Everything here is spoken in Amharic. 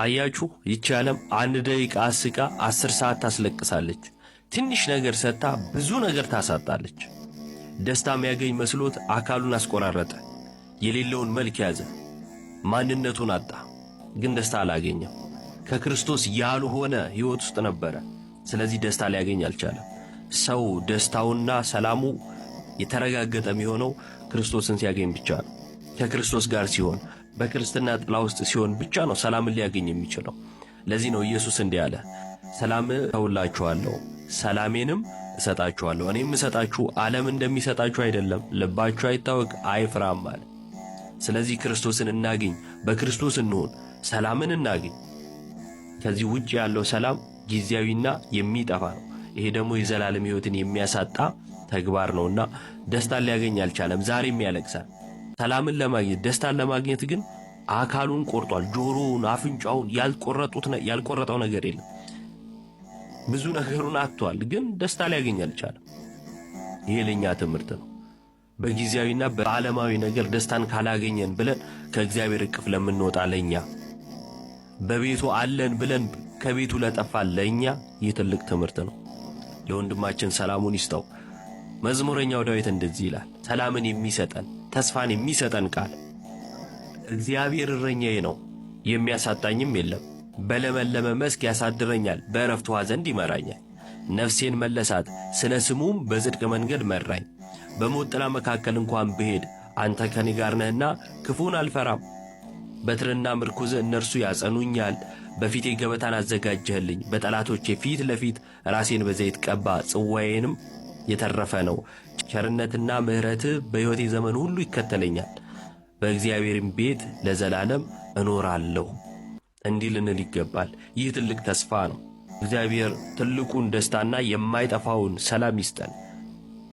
አያችሁ ይቺ ዓለም አንድ ደቂቃ አስቃ አስር ሰዓት ታስለቅሳለች። ትንሽ ነገር ሰጥታ ብዙ ነገር ታሳጣለች። ደስታ የሚያገኝ መስሎት አካሉን አስቆራረጠ፣ የሌለውን መልክ ያዘ፣ ማንነቱን አጣ። ግን ደስታ አላገኘም። ከክርስቶስ ያልሆነ ሕይወት ውስጥ ነበረ። ስለዚህ ደስታ ሊያገኝ አልቻለም። ሰው ደስታውና ሰላሙ የተረጋገጠ የሚሆነው ክርስቶስን ሲያገኝ ብቻ ነው። ከክርስቶስ ጋር ሲሆን፣ በክርስትና ጥላ ውስጥ ሲሆን ብቻ ነው ሰላምን ሊያገኝ የሚችለው። ለዚህ ነው ኢየሱስ እንዲህ አለ፣ ሰላም ተውላችኋለሁ፣ ሰላሜንም እሰጣችኋለሁ። እኔም እሰጣችሁ ዓለም እንደሚሰጣችሁ አይደለም፣ ልባችሁ አይታወቅ አይፍራም አለ። ስለዚህ ክርስቶስን እናገኝ፣ በክርስቶስ እንሆን፣ ሰላምን እናገኝ። ከዚህ ውጭ ያለው ሰላም ጊዜያዊና የሚጠፋ ነው። ይሄ ደግሞ የዘላለም ህይወትን የሚያሳጣ ተግባር ነውና ደስታን ሊያገኝ አልቻለም። ዛሬም ያለቅሳል። ሰላምን ለማግኘት ደስታን ለማግኘት ግን አካሉን ቆርጧል። ጆሮውን፣ አፍንጫውን ያልቆረጠው ነገር የለም። ብዙ ነገሩን አጥቷል፣ ግን ደስታ ሊያገኝ አልቻለም። ይሄ ለእኛ ትምህርት ነው። በጊዜያዊና በዓለማዊ ነገር ደስታን ካላገኘን ብለን ከእግዚአብሔር እቅፍ ለምንወጣ ለእኛ በቤቱ አለን ብለን ከቤቱ ለጠፋ ለእኛ ይህ ትልቅ ትምህርት ነው። ለወንድማችን ሰላሙን ይስጠው። መዝሙረኛው ዳዊት እንደዚህ ይላል፣ ሰላምን የሚሰጠን ተስፋን የሚሰጠን ቃል እግዚአብሔር እረኛዬ ነው፣ የሚያሳጣኝም የለም። በለመለመ መስክ ያሳድረኛል፣ በእረፍት ውሃ ዘንድ ይመራኛል። ነፍሴን መለሳት፣ ስለ ስሙም በጽድቅ መንገድ መራኝ። በሞት ጥላ መካከል እንኳን ብሄድ አንተ ከኔ ጋር ነህና ክፉን አልፈራም። በትርና ምርኩዝ እነርሱ ያጸኑኛል። በፊቴ ገበታን አዘጋጀህልኝ፣ በጠላቶቼ ፊት ለፊት ራሴን በዘይት ቀባ፣ ጽዋዬንም የተረፈ ነው። ቸርነትና ምሕረትህ በሕይወቴ ዘመን ሁሉ ይከተለኛል፣ በእግዚአብሔርም ቤት ለዘላለም እኖራለሁ። እንዲህ ልንል ይገባል። ይህ ትልቅ ተስፋ ነው። እግዚአብሔር ትልቁን ደስታና የማይጠፋውን ሰላም ይስጠን።